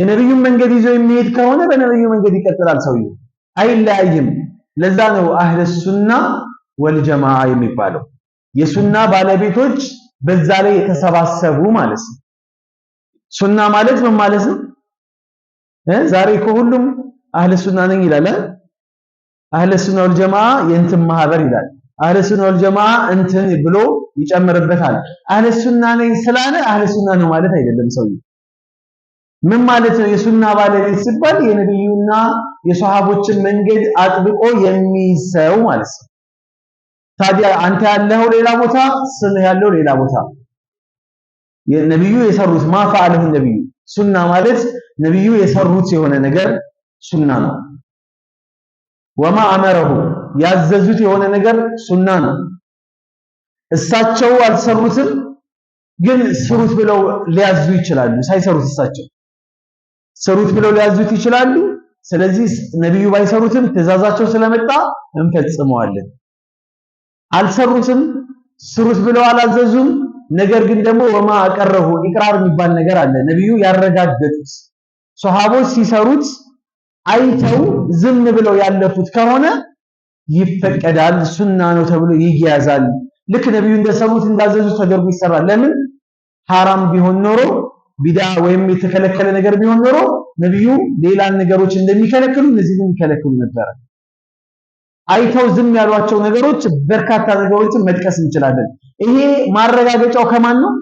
የነብዩን መንገድ ይዞ የሚሄድ ከሆነ በነብዩ መንገድ ይቀጥላል ሰውየው አይለያይም። ለዛ ነው አህለ ሱና ወልጀማዓ የሚባለው የሱና ባለቤቶች በዛ ላይ የተሰባሰቡ ማለት ነው። ሱና ማለት ምን ማለት ነው? ዛሬ ከሁሉም አህለ ሱና ነኝ ይላል። አህለ ሱና ወልጀማዓ የእንትን ማህበር ይላል። አህለ ሱና ወልጀማዓ እንትን ብሎ ይጨምርበታል። አህለ ሱና ነኝ ስላለ አህለ ሱና ነው ማለት አይደለም ሰውየው ምን ማለት ነው? የሱና ባለቤት ሲባል የነብዩና የሰሃቦችን መንገድ አጥብቆ የሚይዝ ሰው ማለት ነው። ታዲያ አንተ ያለው ሌላ ቦታ፣ ስምህ ያለው ሌላ ቦታ። የነብዩ የሰሩት ማፈአለሁ ነብዩ ሱና ማለት ነብዩ የሰሩት የሆነ ነገር ሱና ነው። ወማ አመረሁ ያዘዙት የሆነ ነገር ሱና ነው። እሳቸው አልሰሩትም፣ ግን ስሩት ብለው ሊያዙ ይችላሉ ሳይሰሩት እሳቸው ሰሩት ብለው ሊያዙት ይችላሉ። ስለዚህ ነቢዩ ባይሰሩትም ትእዛዛቸው ስለመጣ እንፈጽመዋለን። አልሰሩትም፣ ስሩት ብለው አላዘዙም። ነገር ግን ደግሞ ወማ አቀረሁ ኢቅራር የሚባል ነገር አለ። ነቢዩ ያረጋገጡት ሶሃቦች ሲሰሩት አይተው ዝም ብለው ያለፉት ከሆነ ይፈቀዳል፣ ሱና ነው ተብሎ ይያዛል። ልክ ነቢዩ እንደሰሩት እንዳዘዙት ተደርጎ ይሰራል። ለምን ሐራም ቢሆን ኖሮ ቢዳ ወይም የተከለከለ ነገር ቢሆን ኖሮ ነብዩ ሌላን ነገሮች እንደሚከለክሉ እነዚህን የሚከለክሉ ነበረ። አይተው ዝም ያሏቸው ነገሮች በርካታ ነገሮችን መጥቀስ እንችላለን። ይሄ ማረጋገጫው ከማን ነው?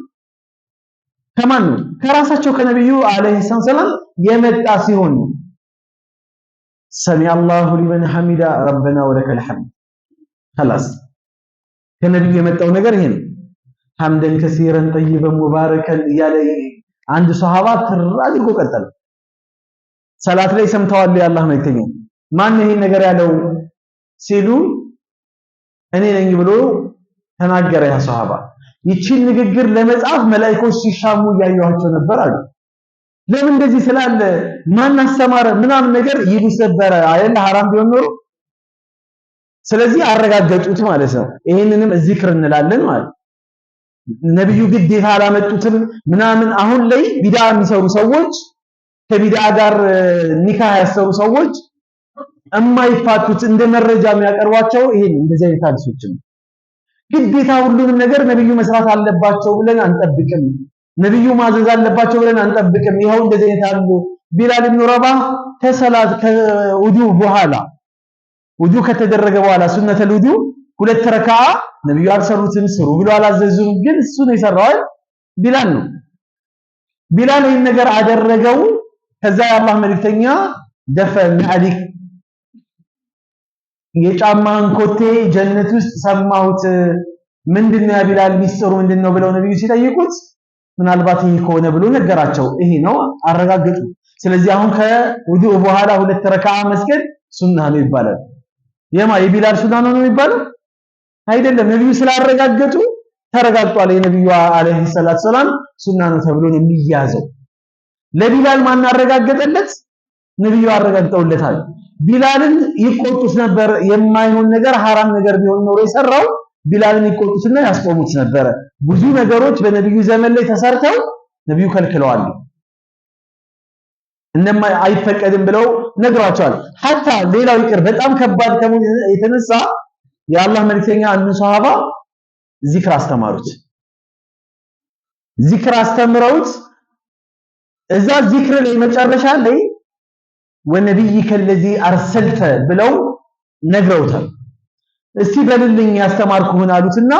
ከማን ነው? ከራሳቸው ከነብዩ አለይሂ ሰላም የመጣ ሲሆን ነው። አላሁ ሊመን ሐሚዳ ረበና ወለከል ሐምድ خلاص ከነብዩ የመጣው ነገር ይሄ ነው። ሐምደን ከሲረን ጠይበን ሙባረከን እያለ አንድ ሶሃባ ትር አድርጎ ቀጠለ። ሰላት ላይ ሰምተዋል የአላህ መልእክተኛ ማን ይሄን ነገር ያለው ሲሉ እኔ ነኝ ብሎ ተናገረ። ያ ሶሃባ ይቺን ንግግር ለመጻፍ መላእክቶች ሲሻሙ እያየኋቸው ነበር አሉ። ለምን እንደዚህ ስላለ ማን አስተማረ ምናምን ነገር ይሉ ነበረ አይደል? ሐራም ቢሆን ኖሮ ስለዚህ አረጋገጡት ማለት ነው። ይሄንንም ዚክር እንላለን ማለት ነብዩ ግዴታ አላመጡትም ምናምን። አሁን ላይ ቢዳ የሚሰሩ ሰዎች ከቢዳ ጋር ኒካ ያሰሩ ሰዎች እማይፋቱት እንደ መረጃ የሚያቀርቧቸው ይሄን እንደዚህ አይነት አዲሶችን ግዴታ ሁሉንም ነገር ነብዩ መስራት አለባቸው ብለን አንጠብቅም። ነብዩ ማዘዝ አለባቸው ብለን አንጠብቅም። ይኸው እንደዚህ አይነት አሉ። ቢላል ኢብኑ ረባህ ከሰላት ከውዱ በኋላ ውዱ ከተደረገ በኋላ ሱነተል ውዱ ሁለት ረካ ነብዩ አልሰሩትን ስሩ ብሎ አላዘዙም። ግን እሱ ነው የሰራው ቢላል ነው። ቢላል ይህን ነገር አደረገው። ከዛ የአላህ መልእክተኛ ደፈ አሊክ የጫማን ኮቴ ጀነት ውስጥ ሰማሁት። ምንድነው ያ ቢላል ሚስጥሩ ምንድነው ብለው ነብዩ ሲጠይቁት ምናልባት ይሄ ከሆነ ብሎ ነገራቸው። ይሄ ነው አረጋገጡ። ስለዚህ አሁን ከውዱእ በኋላ ሁለት ረካ መስገድ ሱና ነው ይባላል። የማ የቢላል ሱና ነው የሚባለው አይደለም ነብዩ ስላረጋገጡ ተረጋግጧል። የነብዩ አለይሂ ሰላቱ ሰላም ሱና ነው ተብሎ ነው የሚያዘው። ለቢላል ማን አረጋገጠለት? ነብዩ አረጋግጠውለታል። ቢላልን ይቆጡት ነበር። የማይሆን ነገር ሐራም ነገር ቢሆን ኖሮ የሰራው ቢላልን ይቆጡትና ያስቆሙት ነበረ። ብዙ ነገሮች በነብዩ ዘመን ላይ ተሰርተው ነብዩ ከልክለዋል። እንደማ አይፈቀድም ብለው ነግሯቸዋል። ሐታ ሌላው ይቅር በጣም ከባድ ከመሆኑ የተነሳ የአላህ መልክተኛ አንዱ ሰሃባ ዚክር አስተማሩት። ዚክር አስተምረውት እዛ ዚክር ላይ መጨረሻ ላይ ወነቢይከ ለዚ አርሰልተ ብለው ነግረውታል። እስቲ በልልኝ ያስተማርኩህን አሉትና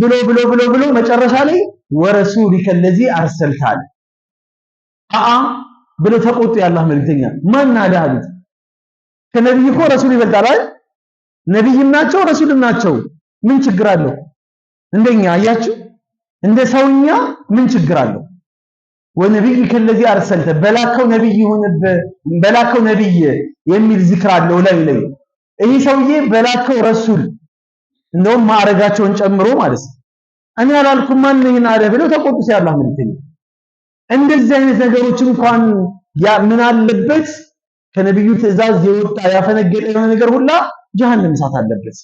ብሎ ብሎ ብሎ ብሎ መጨረሻ ላይ ወረሱሊከ ለዚ አርሰልተ አለ። አአ ብሎ ተቆጡ። የአላህ መልክተኛ ማን አለ አሉት። ከነቢይ እኮ ረሱል ይበልጣል አይደል? ነቢይም ናቸው ረሱልም ናቸው። ምን ችግር አለው? እንደኛ አያችሁ፣ እንደ ሰውኛ ምን ችግር አለው? ወነቢይ ከለዚ አርሰልተ በላከው ነብይ ሆነበ በላከው ነብይ የሚል ዝክር አለው ላይ ላይ ይህ ሰውዬ በላከው ረሱል እንደውም ማዕረጋቸውን ጨምሮ ማለት ነው። እኔ አላልኩም ማን ይሄን አለ ብለው ተቆጥቶ ያላህ መልእክተኛ እንደዚህ አይነት ነገሮች እንኳን ያ ምን አለበት ከነብዩ ትእዛዝ የወጣ ያፈነገጠ የሆነ ነገር ሁላ ጀሃነም እሳት አለበት።